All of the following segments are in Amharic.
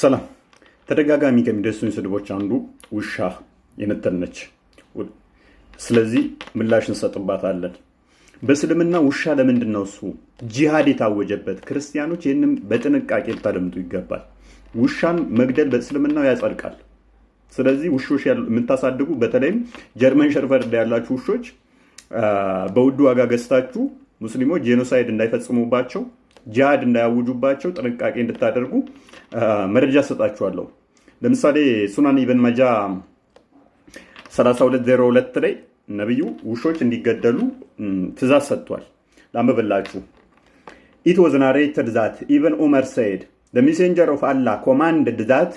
ሰላም። ተደጋጋሚ ከሚደሱኝ ስድቦች አንዱ ውሻ የምትል ነች። ስለዚህ ምላሽ እንሰጥባታለን። በእስልምና ውሻ ለምንድን ነው እሱ ጂሃድ የታወጀበት? ክርስቲያኖች ይህንም በጥንቃቄ ልታደምጡ ይገባል። ውሻን መግደል በእስልምናው ያጸድቃል። ስለዚህ ውሾች የምታሳድጉ በተለይም ጀርመን ሸርፈርድ ያላችሁ ውሾች በውድ ዋጋ ገዝታችሁ ሙስሊሞች ጄኖሳይድ እንዳይፈጽሙባቸው ጂሃድ እንዳያውጁባቸው ጥንቃቄ እንድታደርጉ መረጃ ሰጣችኋለሁ። ለምሳሌ ሱናን ኢብን መጃ 3202 ላይ ነቢዩ ውሾች እንዲገደሉ ትእዛዝ ሰጥቷል። ላንብብላችሁ። ኢት ወዝ ናሬትድ ዛት ኢብን ኡመር ሰይድ ደ ሜሴንጀር ኦፍ አላህ ኮማንድድ ዛት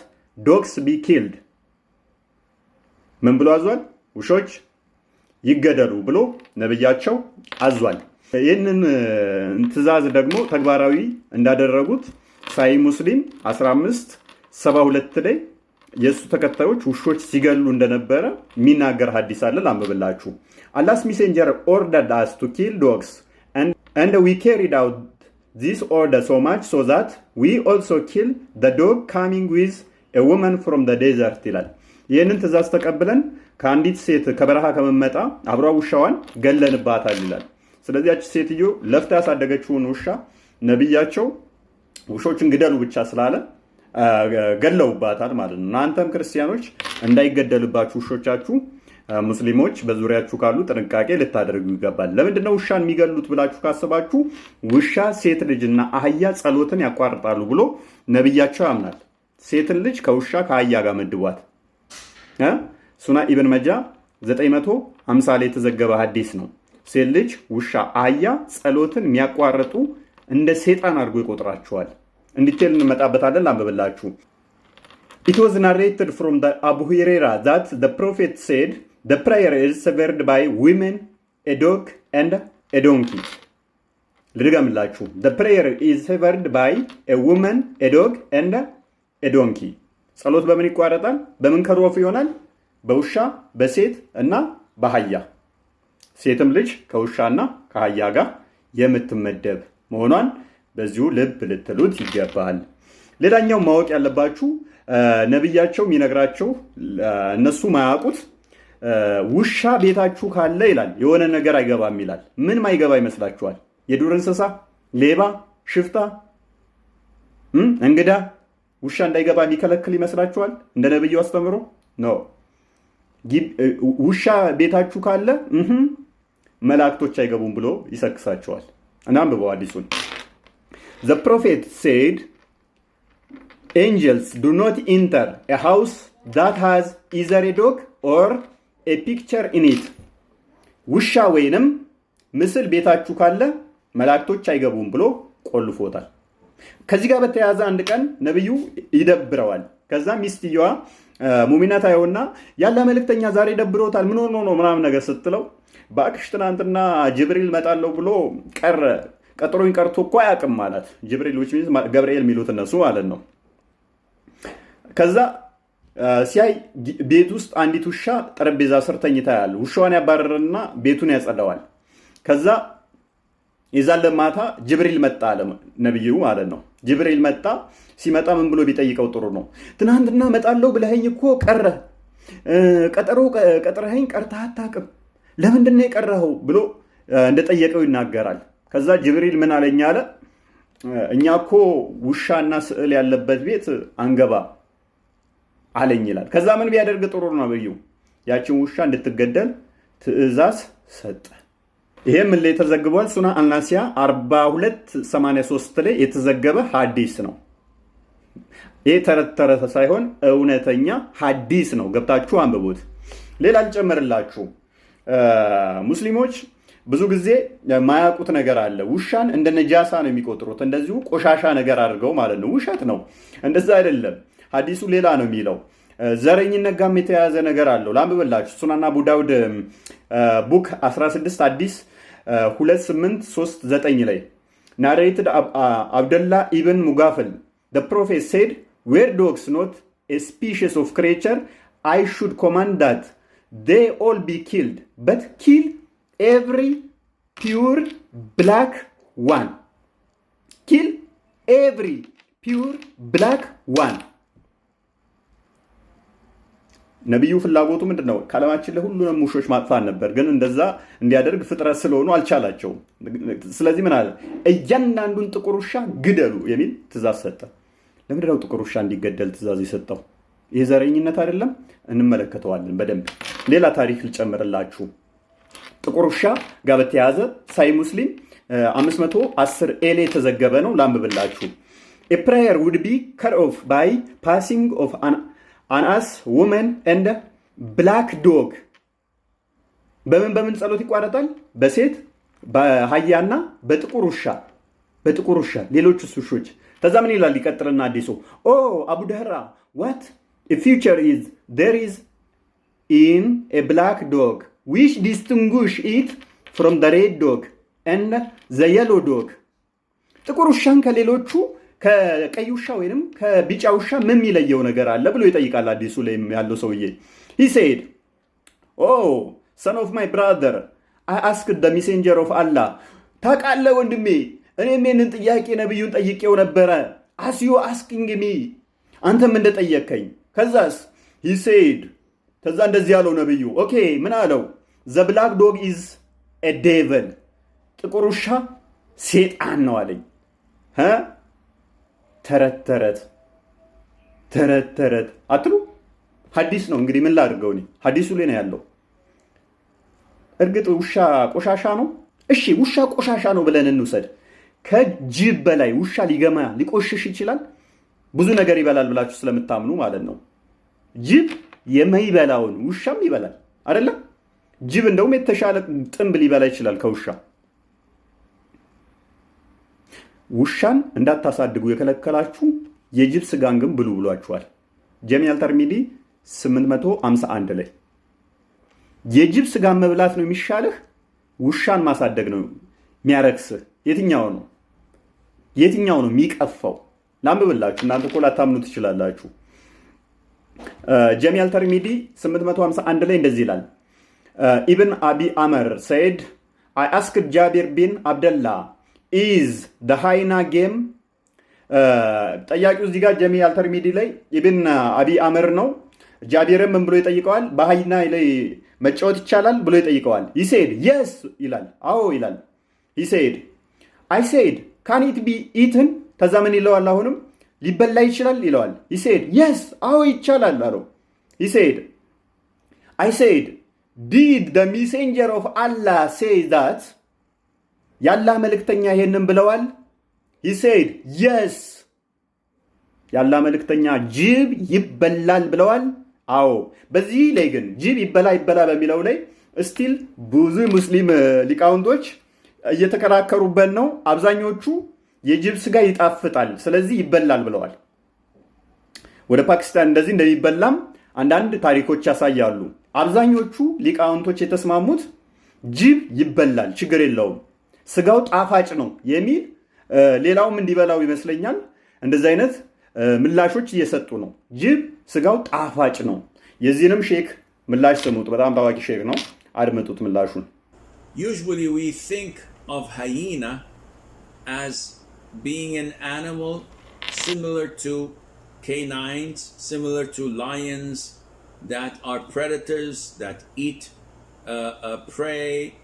ዶግስ ቢ ኪልድ ምን ብሎ አዟል? ውሾች ይገደሉ ብሎ ነብያቸው አዟል። ይህንን ትእዛዝ ደግሞ ተግባራዊ እንዳደረጉት ሳይ ሙስሊም 15 72 ላይ የእሱ ተከታዮች ውሾች ሲገሉ እንደነበረ የሚናገር ሀዲስ አለ። ላምብላችሁ አላስ ሜሴንጀር ኦርደርድ አስ ቱ ኪል ዶግስ and ዊ carried out this ኦርደር ሶ ማች ሶ that ዊ ኦልሶ ኪል the dog coming with a woman from the desert ይላል። ይህንን ትእዛዝ ተቀብለን ከአንዲት ሴት ከበረሃ ከመመጣ አብሯ ውሻዋን ገለንባታል ይላል። ስለዚያች ሴትዮ ለፍታ ያሳደገችውን ውሻ ነቢያቸው ውሾችን ግደሉ ብቻ ስላለ ገለውባታል ማለት ነው። እናንተም ክርስቲያኖች እንዳይገደልባችሁ ውሾቻችሁ ሙስሊሞች በዙሪያችሁ ካሉ ጥንቃቄ ልታደርጉ ይገባል። ለምንድነው ውሻን የሚገሉት ብላችሁ ካስባችሁ ውሻ ሴት ልጅና አህያ ጸሎትን ያቋርጣሉ ብሎ ነቢያቸው ያምናል። ሴትን ልጅ ከውሻ ከአህያ ጋር መድቧት። ሱና ኢብን መጃ 950 ላይ የተዘገበ ሀዲስ ነው። ሴት ልጅ፣ ውሻ፣ አያ ጸሎትን የሚያቋርጡ እንደ ሴጣን አድርጎ ይቆጥራቸዋል። እንዲቴል እንመጣበታለን። ላንብብላችሁ። ኢት ዋዝ ናሬትድ ፍሮም አቡ ሁሬራ ዛት ዘ ፕሮፌት ሴድ ዘ ፕራየር ኢዝ ሰቨርድ ባይ ዊመን ኤዶክ ዶግ ኤንድ ኤ ዶንኪ። ልድገምላችሁ። ዘ ፕሬየር ኢዝ ሰቨርድ ባይ ኤ ውመን ኤ ዶግ ኤንድ ኤ ጸሎት በምን ይቋረጣል? በምን ከሮፍ ይሆናል? በውሻ፣ በሴት እና በአህያ ሴትም ልጅ ከውሻና ከአህያ ጋር የምትመደብ መሆኗን በዚሁ ልብ ልትሉት ይገባል። ሌላኛው ማወቅ ያለባችሁ ነቢያቸው የሚነግራቸው እነሱ ማያውቁት ውሻ ቤታችሁ ካለ ይላል የሆነ ነገር አይገባም ይላል። ምን ማይገባ ይመስላችኋል? የዱር እንስሳ፣ ሌባ፣ ሽፍታ፣ እንግዳ ውሻ እንዳይገባ የሚከለክል ይመስላችኋል? እንደ ነብዩ አስተምሮ ነው። ውሻ ቤታችሁ ካለ መላእክቶች አይገቡም ብሎ ይሰክሳቸዋል እናም ብበው አዲሱን ዘ ፕሮፌት ሴድ ኤንጀልስ ዱ ኖት ኢንተር ሃውስ ዳት ሃዝ ኢዘር ዶግ ኦር ፒክቸር ኢኒት ውሻ ወይንም ምስል ቤታችሁ ካለ መላእክቶች አይገቡም ብሎ ቆልፎታል። ከዚህ ጋር በተያያዘ አንድ ቀን ነቢዩ ይደብረዋል። ከዛ ሚስትየዋ ሙሚነት አየውና ያለ መልእክተኛ ዛሬ ደብሮታል፣ ምን ሆኖ ነው ምናምን ነገር ስትለው ባክሽ ትናንትና ጅብሪል መጣለው ብሎ ቀረ ቀጥሮኝ ቀርቶ እኮ አያውቅም ማለት ጅብሪል ዊች ሚንስ ገብርኤል የሚሉት እነሱ ማለት ነው። ከዛ ሲያይ ቤት ውስጥ አንዲት ውሻ ጠረጴዛ ስር ተኝታ ያለ ውሻዋን ያባረርና ቤቱን ያጸደዋል። ከዛ የዛለ ማታ ጅብሪል መጣ አለ ነቢዩ ማለት ነው። ጅብሪል መጣ። ሲመጣ ምን ብሎ ቢጠይቀው ጥሩ ነው? ትናንትና መጣለው ብለኸኝ እኮ ቀረ ቀጠሮ ቀጥረኸኝ ቀርተህ አታውቅም ለምንድነው የቀረኸው ብሎ እንደጠየቀው ይናገራል። ከዛ ጅብሪል ምን አለኝ አለ እኛ እኮ ውሻና ስዕል ያለበት ቤት አንገባ አለኝ ይላል። ከዛ ምን ቢያደርግ ጥሩ ነው? ነብዩ ያችን ውሻ እንድትገደል ትዕዛዝ ሰጠ። ይሄም ላይ ተዘግቧል። ሱና አልናሲያ 4283 ላይ የተዘገበ ሀዲስ ነው። ይህ ተረተረተ ሳይሆን እውነተኛ ሀዲስ ነው። ገብታችሁ አንብቡት። ሌላ ልጨምርላችሁ። ሙስሊሞች ብዙ ጊዜ የማያውቁት ነገር አለ። ውሻን እንደ ነጃሳ ነው የሚቆጥሩት፣ እንደዚሁ ቆሻሻ ነገር አድርገው ማለት ነው። ውሸት ነው፣ እንደዛ አይደለም። ሀዲሱ ሌላ ነው የሚለው። ዘረኝነት ጋም የተያያዘ ነገር አለው። ላንብበላችሁ። ሱናና አቡ ዳውድ ቡክ 16 አዲስ 2839 ላይ ናሬትድ አብደላ ኢብን ሙጋፍል ደ ፕሮፌት ሴድ ዌር ዶግስ ኖት ስፒሽስ ኦፍ ክሬቸር አይ ሹድ ኮማንድ ዳት they all be killed but kill every pure black one kill every pure black one ነቢዩ ፍላጎቱ ምንድን ነው? ከዓለማችን ላይ ለሁሉንም ውሾች ማጥፋት ነበር። ግን እንደዛ እንዲያደርግ ፍጥረት ስለሆኑ አልቻላቸውም። ስለዚህ ምን አለ? እያንዳንዱን ጥቁር ውሻ ግደሉ የሚል ትእዛዝ ሰጠ። ለምንድነው ጥቁር ውሻ እንዲገደል ትእዛዝ የሰጠው? ይህ ዘረኝነት አይደለም? እንመለከተዋለን በደንብ ሌላ ታሪክ ልጨምርላችሁ። ጥቁር ውሻ ጋር በተያያዘ ሳይ ሙስሊም 510 ኤሌ የተዘገበ ነው። ላንብብላችሁ። ኤፕራየር ውድ ቢ ከት ኦፍ ባይ ፓሲንግ ኦፍ አንአስ ውመን እንደ ብላክ ዶግ በምን በምን ጸሎት ይቋረጣል? በሴት በአህያና በጥቁር ውሻ በጥቁር ውሻ ሌሎች ውሾች። ከዛ ምን ይላል? ይቀጥልና አዲሱ ኦ አቡ ደህራ ዋት A feature is there is in a black dog which distinguish it from the red dog and the yellow dog ጥቁር ውሻን ከሌሎቹ ከቀይ ውሻ ወይንም ከቢጫ ውሻ ምን የሚለየው ነገር አለ ብሎ ይጠይቃል። አዲሱ ላይ ያለው ሰውዬ he said oh son of my brother i asked the messenger of allah ታውቃለህ ወንድሜ እኔም ይህንን ጥያቄ ነብዩን ጠይቄው ነበረ as you asking me አንተም እንደጠየቅከኝ ከዛስ ሂሴድ ከዛ እንደዚህ ያለው ነብዩ ኦኬ ምን አለው ዘ ብላክ ዶግ ኢዝ ኤ ዴቨል ጥቁር ውሻ ሴጣን ነው አለኝ ተረት ተረት ተረት ተረት አትሉ ሀዲስ ነው እንግዲህ ምን ላድርገው እኔ ሀዲሱ ላይ ነው ያለው እርግጥ ውሻ ቆሻሻ ነው እሺ ውሻ ቆሻሻ ነው ብለን እንውሰድ ከጅብ በላይ ውሻ ሊገማ ሊቆሽሽ ይችላል ብዙ ነገር ይበላል ብላችሁ ስለምታምኑ ማለት ነው ጅብ የማይበላውን ውሻም ይበላል አይደለም? ጅብ እንደውም የተሻለ ጥንብ ሊበላ ይችላል ከውሻ። ውሻን እንዳታሳድጉ የከለከላችሁ የጅብ ስጋን ግን ብሉ ብሏችኋል። ጀሚያል ተርሚዲ 851 ላይ የጅብ ስጋን መብላት ነው የሚሻልህ፣ ውሻን ማሳደግ ነው የሚያረክስህ። የትኛው ነው የትኛው ነው የሚቀፋው? ላንብብላችሁ። እናንተ እኮ ላታምኑ ትችላላችሁ። ጀሚያል ተርሚዲ 851 ላይ እንደዚህ ይላል። ኢብን አቢ አመር ሰይድ አይ አስክ ጃቢር ቢን አብደላ ኢዝ ደ ሃይና ጌም። ጠያቂው እዚህ ጋር ጀሚያል ተርሚዲ ላይ ኢብን አቢ አመር ነው። ጃቢርም ምን ብሎ ይጠይቀዋል? በሃይና ላይ መጫወት ይቻላል ብሎ ይጠይቀዋል። ይሴድ የስ ይላል፣ አዎ ይላል። ይሴድ አይ ሴድ ካን ኢት ቢ ኢትን። ከዛ ምን ይለዋል አሁንም ሊበላ ይችላል ይለዋል። ይሴድ የስ አዎ ይቻላል አለው። ይሴድ አይሴድ ዲድ ደ ኦፍ አላ ሴ ዛት ያላ መልእክተኛ ይሄንን ብለዋል። ይሴድ የስ ያላ መልእክተኛ ጅብ ይበላል ብለዋል። አዎ በዚህ ላይ ግን ጅብ ይበላ ይበላ በሚለው ላይ እስቲል ብዙ ሙስሊም ሊቃውንቶች እየተከራከሩበት ነው አብዛኞቹ የጅብ ስጋ ይጣፍጣል፣ ስለዚህ ይበላል ብለዋል። ወደ ፓኪስታን እንደዚህ እንደሚበላም አንዳንድ ታሪኮች ያሳያሉ። አብዛኞቹ ሊቃውንቶች የተስማሙት ጅብ ይበላል፣ ችግር የለውም፣ ስጋው ጣፋጭ ነው የሚል ሌላውም እንዲበላው ይመስለኛል። እንደዚህ አይነት ምላሾች እየሰጡ ነው። ጅብ ስጋው ጣፋጭ ነው። የዚህንም ሼክ ምላሽ ስሙት። በጣም ታዋቂ ሼክ ነው። አድመጡት ምላሹን Usually we being an animal similar to canines, similar to lions that are predators that eat uh, uh, prey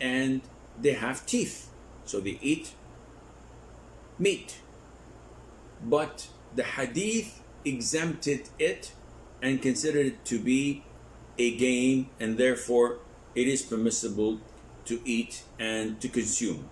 and they have teeth. So they eat meat. But the hadith exempted it and considered it to be a game and therefore it is permissible to eat and to consume.